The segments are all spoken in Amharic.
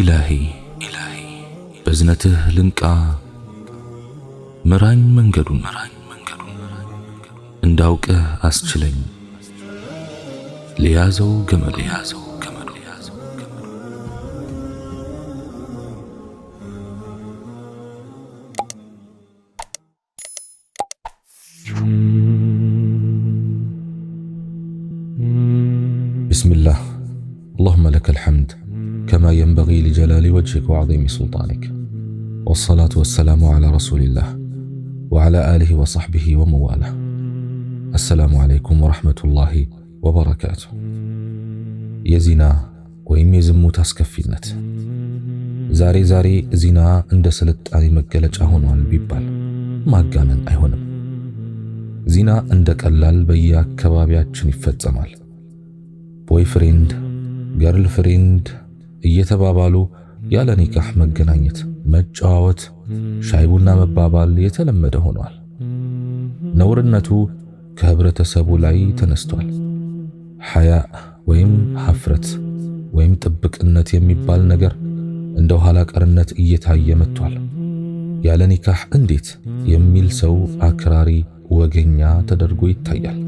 ኢላሂ ኢላሂ በዝነትህ ልንቃ ምራኝ መንገዱን እንዳውቅህ አስችለኝ ለያዘው ገመድ ያዘው وعظيم سلطانك والصلاة والسلام على رسول الله وعلى آله وصحبه ومواله السلام عليكم ورحمة الله ወበረካቱ የዚና ወይም የዝሙት አስከፊነት ዛሬ ዛሬ ዚና እንደ ስልጣኔ መገለጫ ሆኗል ቢባል ማጋነን አይሆንም። ዚና እንደ ቀላል በየአካባቢያችን ይፈጸማል። ቦይ ፍሬንድ፣ ገርል ፍሬንድ እየተባባሉ ያለ ኒካህ መገናኘት፣ መጨዋወት፣ ሻይ ቡና መባባል የተለመደ ሆኗል። ነውርነቱ ከህብረተሰቡ ላይ ተነስቷል። ሐያ ወይም ሐፍረት ወይም ጥብቅነት የሚባል ነገር እንደ ኋላ ቀርነት እየታየ መጥቷል። ያለ ኒካህ እንዴት የሚል ሰው አክራሪ ወገኛ ተደርጎ ይታያል።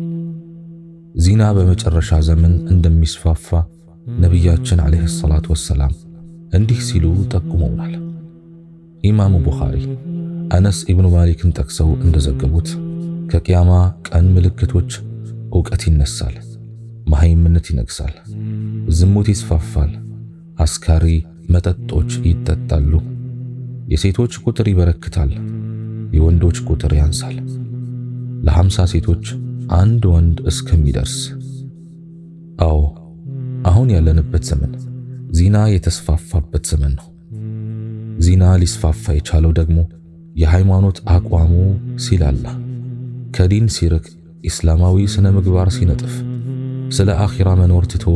ዚና በመጨረሻ ዘመን እንደሚስፋፋ ነቢያችን ዓለይሂ ሰላቱ ወሰላም እንዲህ ሲሉ ጠቁመውናል። ኢማሙ ቡኻሪ አነስ ኢብኑ ማሊክን ጠቅሰው እንደዘገቡት ከቅያማ ቀን ምልክቶች ዕውቀት ይነሳል፣ መሃይምነት ይነግሳል፣ ዝሙት ይስፋፋል፣ አስካሪ መጠጦች ይጠጣሉ፣ የሴቶች ቁጥር ይበረክታል፣ የወንዶች ቁጥር ያንሳል፣ ለሐምሳ ሴቶች አንድ ወንድ እስከሚደርስ። አዎ አሁን ያለንበት ዘመን ዚና የተስፋፋበት ዘመን ነው። ዚና ሊስፋፋ የቻለው ደግሞ የሃይማኖት አቋሙ ሲላላ፣ ከዲን ሲርቅ፣ ኢስላማዊ ስነ ምግባር ሲነጥፍ፣ ስለ አኺራ መኖር ትቶ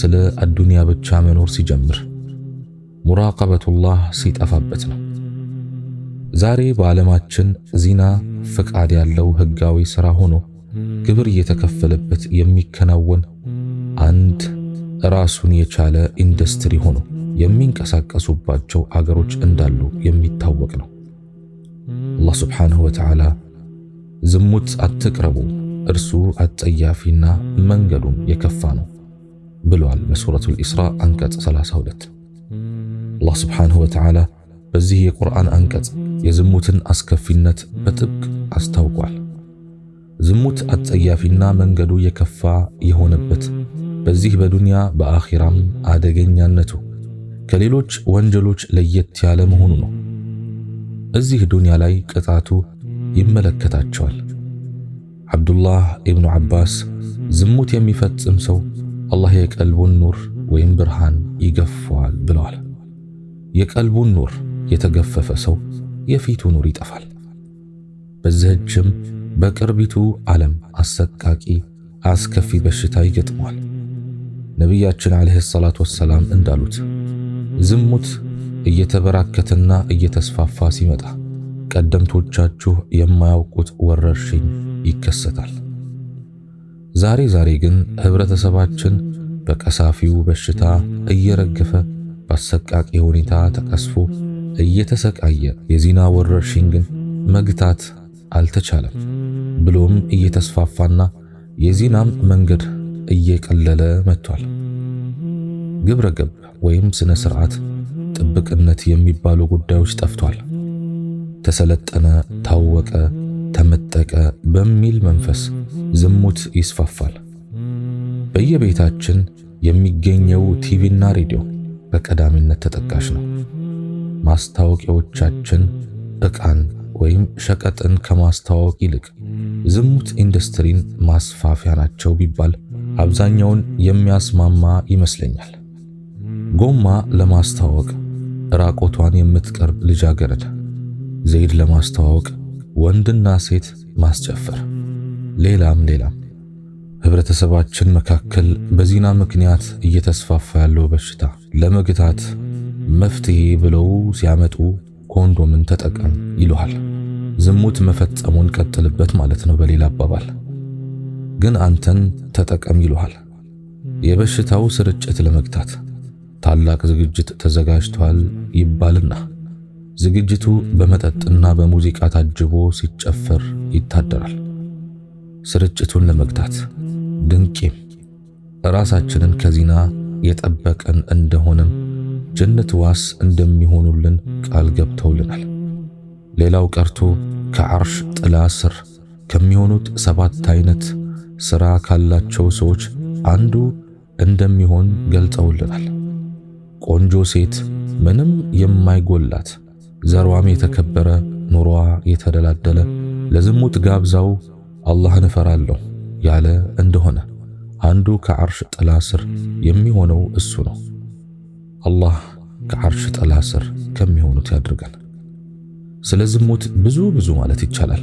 ስለ አዱንያ ብቻ መኖር ሲጀምር፣ ሙራቀበቱላህ ሲጠፋበት ነው። ዛሬ በዓለማችን ዚና ፍቃድ ያለው ህጋዊ ሥራ ሆኖ ግብር እየተከፈለበት የሚከናወን አንድ ራሱን የቻለ ኢንዱስትሪ ሆኖ የሚንቀሳቀሱባቸው አገሮች እንዳሉ የሚታወቅ ነው። አላህ ሱብሓነሁ ወተዓላ ዝሙት አትቅረቡ እርሱ አጸያፊና መንገዱም የከፋ ነው ብሏል በሱረቱል ኢስራ አንቀጽ 32። አላህ ሱብሓነሁ ወተዓላ በዚህ የቁርአን አንቀጽ የዝሙትን አስከፊነት በጥብቅ አስታውቋል። ዝሙት አጸያፊና መንገዱ የከፋ የሆነበት በዚህ በዱንያ በአኺራም አደገኛነቱ ከሌሎች ወንጀሎች ለየት ያለ መሆኑ ነው። እዚህ ዱንያ ላይ ቅጣቱ ይመለከታቸዋል። አብዱላህ ኢብኑ ዓባስ ዝሙት የሚፈጽም ሰው አላህ የቀልቡን ኑር ወይም ብርሃን ይገፋዋል ብለዋል። የቀልቡን ኑር የተገፈፈ ሰው የፊቱ ኑር ይጠፋል። በዚህችም በቅርቢቱ ዓለም አሰቃቂ አስከፊ በሽታ ይገጥመዋል። ነቢያችን ዓለይሂ ሰላቱ ወሰላም እንዳሉት ዝሙት እየተበራከተና እየተስፋፋ ሲመጣ ቀደምቶቻችሁ የማያውቁት ወረርሽኝ ይከሰታል። ዛሬ ዛሬ ግን ህብረተሰባችን በቀሳፊው በሽታ እየረገፈ በአሰቃቂ ሁኔታ ተቀስፎ እየተሰቃየ የዚና ወረርሽኝ ግን መግታት አልተቻለም። ብሎም እየተስፋፋና የዚናም መንገድ እየቀለለ መጥቷል። ግብረ ገብ ወይም ስነ ስርዓት፣ ጥብቅነት የሚባሉ ጉዳዮች ጠፍቷል። ተሰለጠነ፣ ታወቀ፣ ተመጠቀ በሚል መንፈስ ዝሙት ይስፋፋል። በየቤታችን የሚገኘው ቲቪና ሬዲዮ በቀዳሚነት ተጠቃሽ ነው። ማስታወቂያዎቻችን ዕቃን ወይም ሸቀጥን ከማስተዋወቅ ይልቅ ዝሙት ኢንዱስትሪን ማስፋፊያ ናቸው ቢባል አብዛኛውን የሚያስማማ ይመስለኛል። ጎማ ለማስተዋወቅ ራቆቷን የምትቀርብ ልጃገረድ፣ ዘይድ ለማስተዋወቅ ወንድና ሴት ማስጨፈር፣ ሌላም ሌላም። ህብረተሰባችን መካከል በዚና ምክንያት እየተስፋፋ ያለው በሽታ ለመግታት መፍትሄ ብለው ሲያመጡ ኮንዶምን ተጠቀም ይሉሃል። ዝሙት መፈጸሙን ቀጥልበት ማለት ነው። በሌላ አባባል ግን አንተን ተጠቀም ይለዋል። የበሽታው ስርጭት ለመግታት ታላቅ ዝግጅት ተዘጋጅቷል ይባልና ዝግጅቱ በመጠጥና በሙዚቃ ታጅቦ ሲጨፈር ይታደራል። ስርጭቱን ለመግታት ድንቄም ራሳችንን ከዚና የጠበቀን እንደሆነም ጀነት ዋስ እንደሚሆኑልን ቃል ገብተውልናል። ሌላው ቀርቶ ከዓርሽ ጥላ ስር ከሚሆኑት ሰባት አይነት ስራ ካላቸው ሰዎች አንዱ እንደሚሆን ገልጸውልናል። ቆንጆ ሴት ምንም የማይጎላት ዘሯም የተከበረ ኑሮዋ የተደላደለ ለዝሙት ጋብዛው አላህን እፈራለሁ ያለ እንደሆነ አንዱ ከአርሽ ጥላ ስር የሚሆነው እሱ ነው። አላህ ከአርሽ ጥላ ስር ከሚሆኑት ያድርገን። ስለ ዝሙት ብዙ ብዙ ማለት ይቻላል።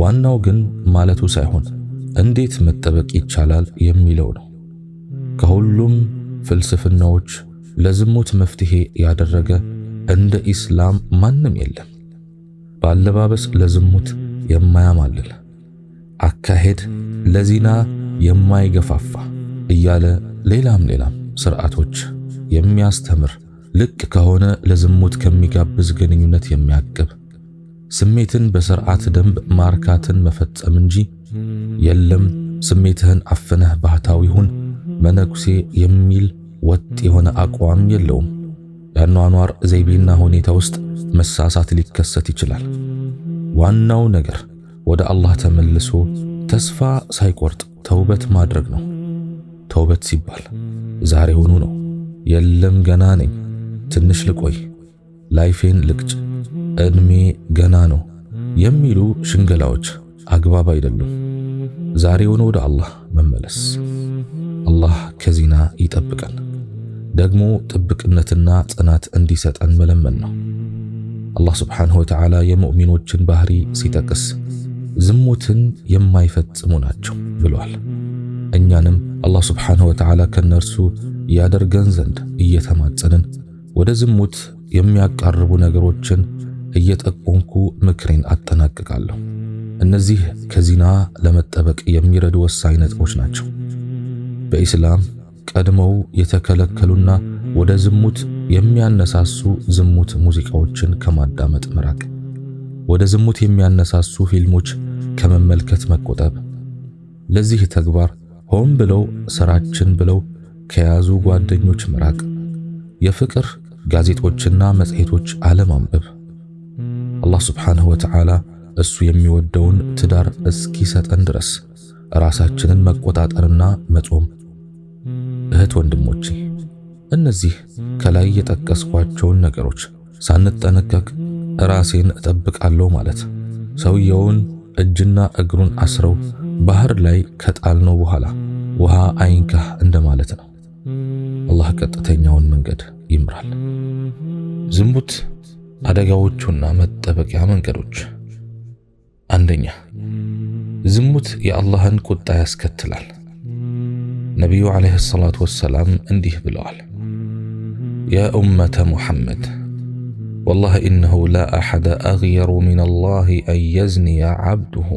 ዋናው ግን ማለቱ ሳይሆን እንዴት መጠበቅ ይቻላል የሚለው ነው። ከሁሉም ፍልስፍናዎች ለዝሙት መፍትሄ ያደረገ እንደ ኢስላም ማንም የለም። በአለባበስ ለዝሙት የማያማልል አካሄድ ለዚና የማይገፋፋ እያለ ሌላም ሌላም ስርዓቶች የሚያስተምር ልቅ ከሆነ ለዝሙት ከሚጋብዝ ግንኙነት የሚያቅብ ስሜትን በስርዓት ደንብ ማርካትን መፈጸም እንጂ የለም ስሜትህን አፍነህ ባህታዊ ሁን መነኩሴ የሚል ወጥ የሆነ አቋም የለውም። የአኗኗር ዘይቤና ሁኔታ ውስጥ መሳሳት ሊከሰት ይችላል። ዋናው ነገር ወደ አላህ ተመልሶ ተስፋ ሳይቆርጥ ተውበት ማድረግ ነው። ተውበት ሲባል ዛሬውኑ ነው። የለም ገና ነኝ፣ ትንሽ ልቆይ፣ ላይፌን ልቅጭ፣ እድሜ ገና ነው የሚሉ ሽንገላዎች አግባብ አይደሉም። ዛሬውን ወደ አላህ መመለስ። አላህ ከዚና ይጠብቀን፣ ደግሞ ጥብቅነትና ጽናት እንዲሰጠን መለመን ነው። አላህ ስብሓንሁ ወተዓላ የሙእሚኖችን ባህሪ ሲጠቅስ ዝሙትን የማይፈጽሙ ናቸው ብሏል። እኛንም አላህ ስብሓንሁ ወተዓላ ከነርሱ ያደርገን ዘንድ እየተማጸንን ወደ ዝሙት የሚያቃርቡ ነገሮችን እየጠቆምኩ ምክሬን አጠናቅቃለሁ። እነዚህ ከዚና ለመጠበቅ የሚረዱ ወሳኝ ነጥቦች ናቸው። በኢስላም ቀድመው የተከለከሉና ወደ ዝሙት የሚያነሳሱ ዝሙት ሙዚቃዎችን ከማዳመጥ መራቅ፣ ወደ ዝሙት የሚያነሳሱ ፊልሞች ከመመልከት መቆጠብ። ለዚህ ተግባር ሆን ብለው ስራችን ብለው ከያዙ ጓደኞች መራቅ፣ የፍቅር ጋዜጦችና መጽሔቶች አለማንበብ። አላህ ሱብሓነሁ ወተዓላ እሱ የሚወደውን ትዳር እስኪሰጠን ድረስ ራሳችንን መቆጣጠርና መጾም። እህት ወንድሞቼ፣ እነዚህ ከላይ የጠቀስኳቸውን ነገሮች ሳንጠነቀቅ ራሴን እጠብቃለሁ ማለት ሰውየውን እጅና እግሩን አስረው ባህር ላይ ከጣልነው በኋላ ውሃ አይንካህ እንደማለት ነው። አላህ ቀጥተኛውን መንገድ ይምራል። ዝሙት አደጋዎቹና መጠበቂያ መንገዶች አንደኛ ዝሙት የአላህን ቁጣ ያስከትላል። ነቢዩ ዓለይሂ ሰላቱ ወሰላም እንዲህ ብለዋል፣ ያ ኡመተ ሙሐመድ ወላሂ ኢነሁ ላ አሐደ አግየሩ ሚን አላህ አን የዝኒየ ዓብዱሁ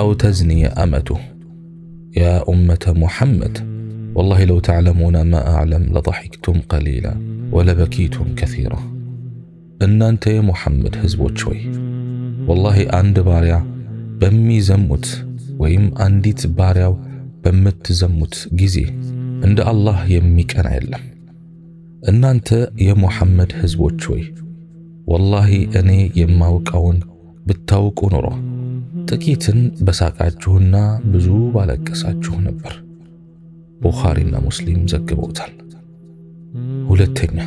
አው ተዝኒየ አመቱሁ። ያ ኡመተ ሙሐመድ ወላሂ ለው ተዕለሙነ ማ አዕለም ለደሒክቱም ቀሊላ ወለበኪቱም ከሲራ። እናንተ የሙሐመድ ሕዝቦች ሆይ ወላሂ አንድ ባሪያ በሚዘሙት ወይም አንዲት ባሪያው በምትዘሙት ጊዜ እንደ አላህ የሚቀና የለም። እናንተ የሙሐመድ ህዝቦች ሆይ ወላሂ እኔ የማውቀውን ብታውቁ ኑሮ ጥቂትን በሳቃችሁና ብዙ ባለቀሳችሁ ነበር። ቡኻሪና ሙስሊም ዘግበውታል። ሁለተኛ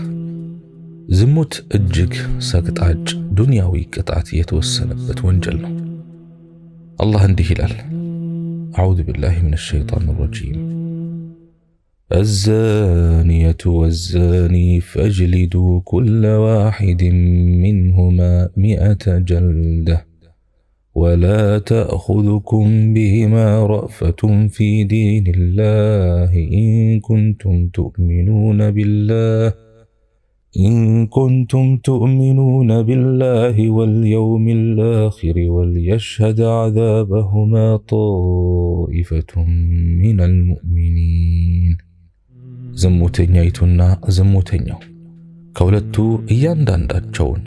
ዝሙት እጅግ ሰቅጣጭ ዱንያዊ ቅጣት የተወሰነበት ወንጀል ነው። አላህ እንዲህ ይላል፣ አዑዙ ቢላሂ ሚነ ሸይጣን ረጂም الزانية والزاني فاجلدوا كل واحد منهما مئة جلدة ولا تأخذكم بهما رأفة في دين الله إن كنتم تؤمنون بالله إن كنتم تؤمنون بالله واليوم الآخر وليشهد عذابهما طائفة من المؤمنين زموتين يتنا زموتين يو كولتو إيان دان داتشون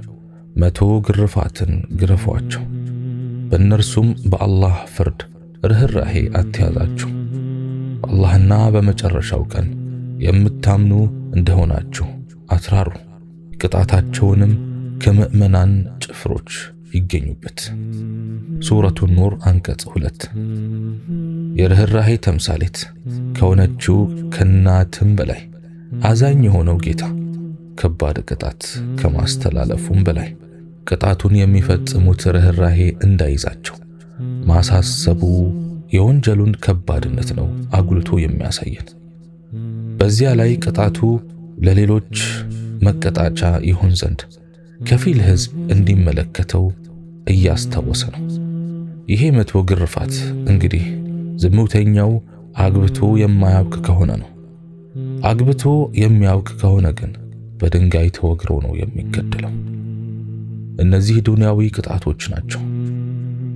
متو قرفاتن قرفواتشون بنرسم بالله فرد رهر آتيا أتيازاتشو الله النعب مجرشوكن يمتامنو اندهوناتشون አትራሩ። ቅጣታቸውንም ከምእመናን ጭፍሮች ይገኙበት። ሱረቱ ኑር አንቀጽ ሁለት የርኅራሄ ተምሳሌት ከሆነችው ከናትም በላይ አዛኝ የሆነው ጌታ ከባድ ቅጣት ከማስተላለፉም በላይ ቅጣቱን የሚፈጽሙት ርኅራሄ እንዳይዛቸው ማሳሰቡ የወንጀሉን ከባድነት ነው አጉልቶ የሚያሳየን። በዚያ ላይ ቅጣቱ ለሌሎች መቀጣጫ ይሆን ዘንድ ከፊል ሕዝብ እንዲመለከተው እያስታወሰ ነው። ይሄ መጥፎ ግርፋት እንግዲህ ዝሙተኛው አግብቶ የማያውቅ ከሆነ ነው። አግብቶ የሚያውቅ ከሆነ ግን በድንጋይ ተወግሮ ነው የሚገደለው። እነዚህ ዱንያዊ ቅጣቶች ናቸው።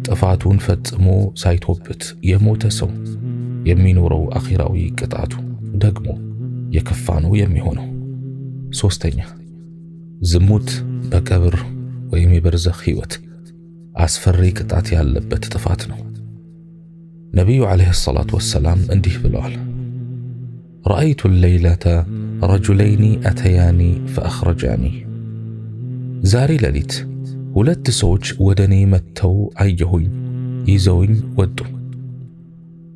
ጥፋቱን ፈጽሞ ሳይቶበት የሞተ ሰው የሚኖረው አኺራዊ ቅጣቱ ደግሞ የከፋ ነው የሚሆነው። ሶስተኛ ዝሙት በቀብር ወይም የበርዘኽ ሕይወት አስፈሪ ቅጣት ያለበት ጥፋት ነው። ነቢዩ ዓለይሂ ሰላቱ ወሰላም እንዲህ ብለዋል፣ ረአይቱ ለይለተ ረጁለይኒ አተያኒ ፈአኽረጃኒ። ዛሬ ሌሊት ሁለት ሰዎች ወደ እኔ መጥተው አየሁኝ፣ ይዘውኝ ወጡ።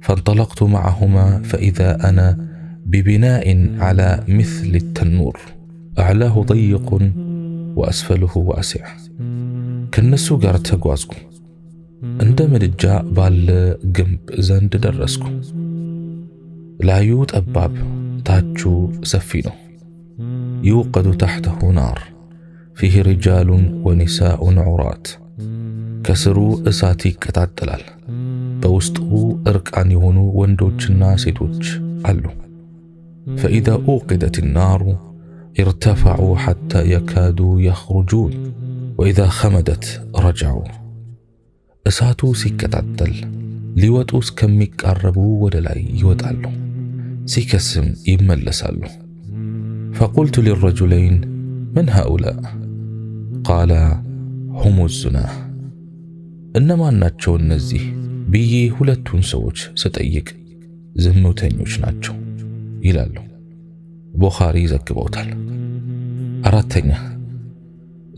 ፈንጠለቅቱ መዓሁማ ፈኢዛ አና ببناء على مثل التنور اعلاه ضيق واسفله واسع كنسو غارتاغوازكو اندمر جاء بال جنب زند درسكو لا يوت اباب تاتشو سفينه يوقد تحته نار فيه رجال ونساء عرات كسرو اساتي كتات دلال بوستو اركان يهونو وندوتش الناس يتوتش علو فإذا أوقدت النار ارتفعوا حتى يكادوا يخرجون وإذا خمدت رجعوا እሳቱ ሲቀጣጠል ሊወጡ እስከሚቃረቡ ወደ ላይ ይወጣሉ፣ ሲከስም ይመለሳሉ። فقلت للرجلين من هؤلاء قال هم الزنا እነማን ናቸው እነዚህ ብዬ ሁለቱን ሰዎች ስጠይቅ ዝምተኞች ናቸው ይላሉ። ቡኻሪ ዘግበውታል። አራተኛ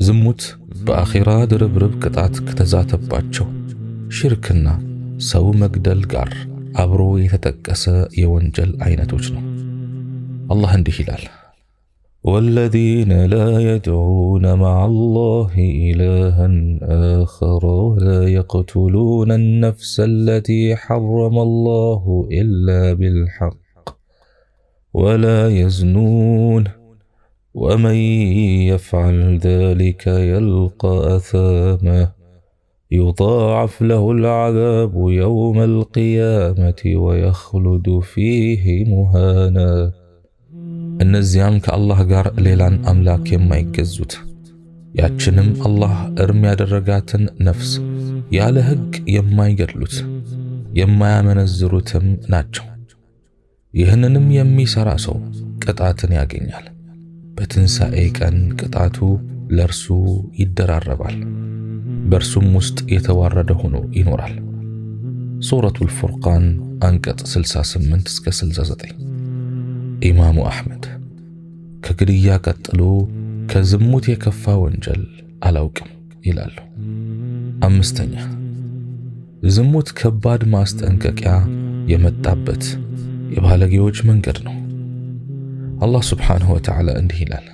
ዝሙት በአኼራ ድርብርብ ቅጣት ከተዛተባቸው ሽርክና ሰው መግደል ጋር አብሮ የተጠቀሰ የወንጀል አይነቶች ነው። አላህ እንዲህ ይላል፣ ወለዚነ ላ የድዑነ መዓ ላሂ ኢላሃን አኸረ ወላ የቅቱሉነ ነፍሰ ለቲ ሐረመ ላሁ ኢላ ቢልሐቅ ولا يزنون ومن يفعل ذلك يلقى اثاما يضاعف له العذاب يوم القيامه ويخلد فيه مهانا እነዚያም ከአላህ ጋር ሌላን አምላክ የማይገዙት ያችንም አላህ እርም ያደረጋትን ነፍስ ያለ ሕግ የማይገድሉት የማያመነዝሩትም ናቸው። ይህንንም የሚሰራ ሰው ቅጣትን ያገኛል። በትንሣኤ ቀን ቅጣቱ ለእርሱ ይደራረባል፣ በእርሱም ውስጥ የተዋረደ ሆኖ ይኖራል። ሱረቱል ፉርቃን አንቀጽ 68 እስከ 69። ኢማሙ አሕመድ ከግድያ ቀጥሎ ከዝሙት የከፋ ወንጀል አላውቅም ይላሉ። አምስተኛ ዝሙት ከባድ ማስጠንቀቂያ የመጣበት የባለጌዎች መንገድ ነው። አላህ ስብሓንሁ ወተዓላ እንዲህ ይላል፣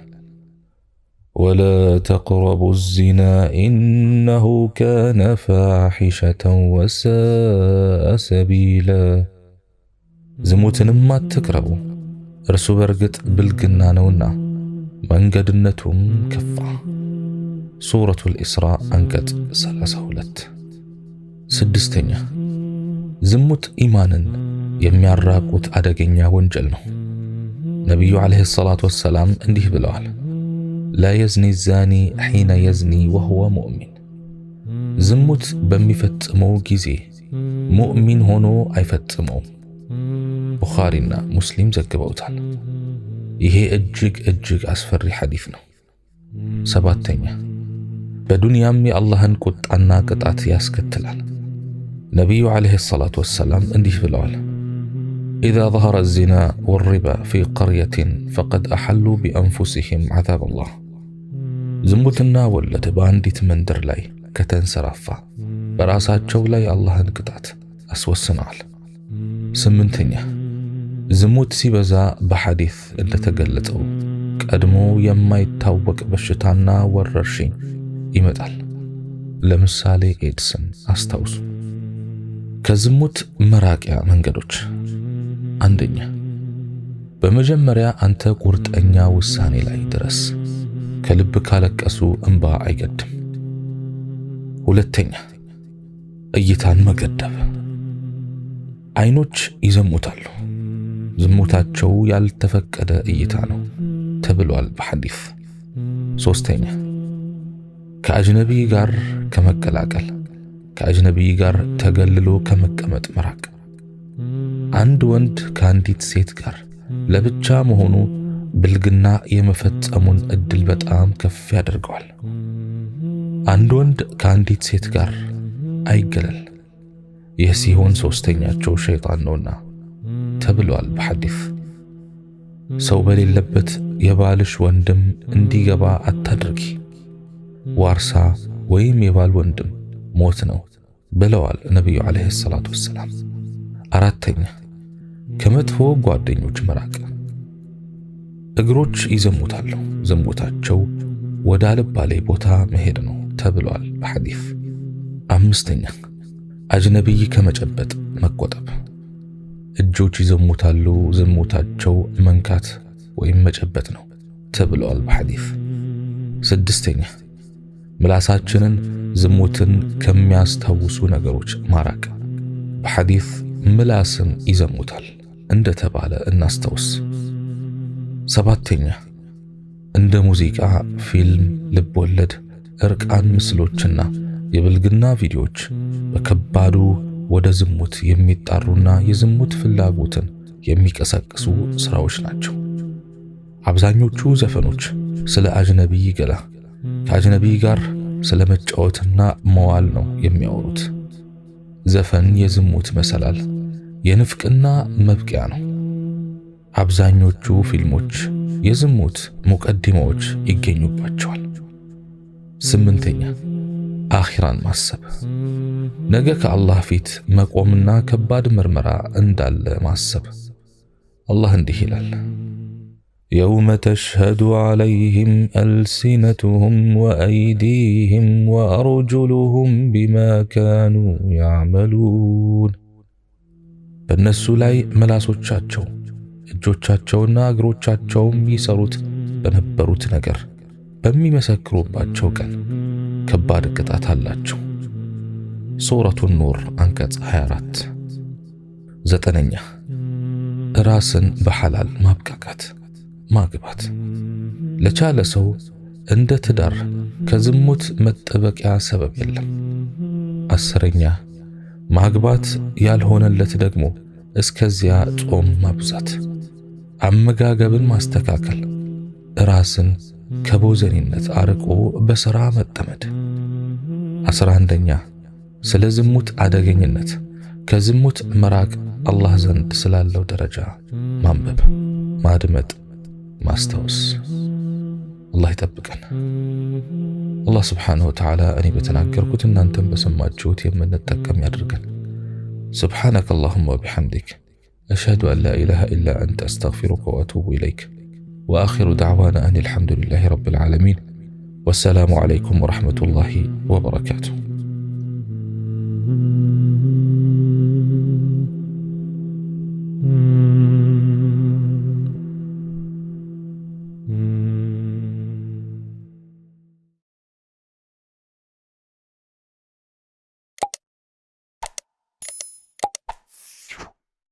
ወላ ተቅረቡ ዚና ኢነሁ ካነ ፋሒሸተን ወሳአ ሰቢላ፣ ዝሙትንም አትቅረቡ እርሱ በእርግጥ ብልግና ነውና መንገድነቱም ከፋ። ሱረቱል ኢስራ አንቀጽ 32። ስድስተኛ ዝሙት ኢማንን የሚያራቁት አደገኛ ወንጀል ነው። ነቢዩ ዓለይሂ ሰላቱ ወሰላም እንዲህ ብለዋል፣ ላ የዝኒ ዛኒ ሒነ የዝኒ ወሁወ ሙእሚን፣ ዝሙት በሚፈጽመው ጊዜ ሙእሚን ሆኖ አይፈጽመውም። ቡኻሪና ሙስሊም ዘግበውታል። ይሄ እጅግ እጅግ አስፈሪ ሐዲፍ ነው። ሰባተኛ በዱንያም የአላህን ቁጣና ቅጣት ያስከትላል። ነቢዩ ዓለይሂ ሰላቱ ወሰላም እንዲህ ብለዋል إذا ظهر الزنا والربا في قرية ፈቀድ አሐሉ ቢአንፉሲሂም ዓዛብ አላህ። ዝሙትና ወለድ በአንዲት መንደር ላይ ከተንሰራፋ በራሳቸው ላይ አላህን ቅጣት አስወስነዋል። ስምንተኛ ዝሙት ሲበዛ በሐዲስ እንደተገለጸው ቀድሞ የማይታወቅ በሽታና ወረርሽኝ ይመጣል። ለምሳሌ ኤድስን አስታውሱ። ከዝሙት መራቂያ መንገዶች አንደኛ፣ በመጀመሪያ አንተ ቁርጠኛ ውሳኔ ላይ ድረስ። ከልብ ካለቀሱ እንባ አይገድም። ሁለተኛ፣ እይታን መገደብ። አይኖች ይዘሙታሉ፣ ዝሙታቸው ያልተፈቀደ እይታ ነው ተብሏል በሐዲስ። ሶስተኛ፣ ከአጅነቢ ጋር ከመቀላቀል ከአጅነቢ ጋር ተገልሎ ከመቀመጥ መራቅ አንድ ወንድ ከአንዲት ሴት ጋር ለብቻ መሆኑ ብልግና የመፈጸሙን እድል በጣም ከፍ ያደርገዋል። አንድ ወንድ ከአንዲት ሴት ጋር አይገለል። ይህ ሲሆን ሦስተኛቸው ሸይጣን ነውና ተብሏል በሐዲስ። ሰው በሌለበት የባልሽ ወንድም እንዲገባ አታድርጊ፣ ዋርሳ ወይም የባል ወንድም ሞት ነው ብለዋል ነቢዩ ዓለይሂ ሰላቱ ወሰላም። አራተኛ ከመጥፎ ጓደኞች መራቅ። እግሮች ይዘሙታሉ፣ ዝሙታቸው ወደ አልባሌ ቦታ መሄድ ነው ተብሏል በሐዲስ። አምስተኛ አጅነቢይ ከመጨበጥ መቆጠብ። እጆች ይዘሙታሉ፣ ዝሙታቸው መንካት ወይም መጨበጥ ነው ተብሏል በሐዲስ። ስድስተኛ ምላሳችንን ዝሙትን ከሚያስታውሱ ነገሮች ማራቅ። በሐዲስ ምላስን ይዘሙታል እንደተባለ እናስታውስ። ሰባተኛ እንደ ሙዚቃ፣ ፊልም፣ ልብወለድ፣ እርቃን ምስሎችና የብልግና ቪዲዮዎች በከባዱ ወደ ዝሙት የሚጣሩና የዝሙት ፍላጎትን የሚቀሰቅሱ ስራዎች ናቸው። አብዛኞቹ ዘፈኖች ስለ አጅነቢ ገላ ከአጅነቢ ጋር ስለ መጫወትና መዋል ነው የሚያወሩት። ዘፈን የዝሙት መሰላል የንፍቅና መብቂያ ነው። አብዛኞቹ ፊልሞች የዝሙት ሙቀድማዎች ይገኙባቸዋል። ስምንተኛ አኺራን ማሰብ፣ ነገ ከአላህ ፊት መቆምና ከባድ ምርመራ እንዳለ ማሰብ። አላህ እንዲህ ይላል የውመ ተሽሀዱ ዐለይህም አልሲነቱሁም ወአይዲህም ወአርጁሉሁም ቢማ ካኑ ያዕመሉን በእነሱ ላይ መላሶቻቸው እጆቻቸውና እግሮቻቸውም ይሰሩት በነበሩት ነገር በሚመሰክሩባቸው ቀን ከባድ ቅጣት አላቸው። ሱረቱ ኑር አንቀጽ 24 ዘጠነኛ ራስን በሐላል ማብቃቃት ማግባት ለቻለ ሰው እንደ ትዳር ከዝሙት መጠበቂያ ሰበብ የለም። አስረኛ ማግባት ያልሆነለት ደግሞ እስከዚያ ጾም ማብዛት፣ አመጋገብን ማስተካከል፣ ራስን ከቦዘኔነት አርቆ በሥራ መጠመድ። አስራ አንደኛ ስለ ዝሙት አደገኝነት ከዝሙት መራቅ አላህ ዘንድ ስላለው ደረጃ ማንበብ፣ ማድመጥ፣ ማስታወስ። አላህ ይጠብቀን። الله سبحانه وتعالى أني بتناكر كتن أن تنبس ما يمن التكم يرقل سبحانك اللهم وبحمدك أشهد أن لا إله إلا أنت أستغفرك وأتوب إليك وآخر دعوانا أن الحمد لله رب العالمين والسلام عليكم ورحمة الله وبركاته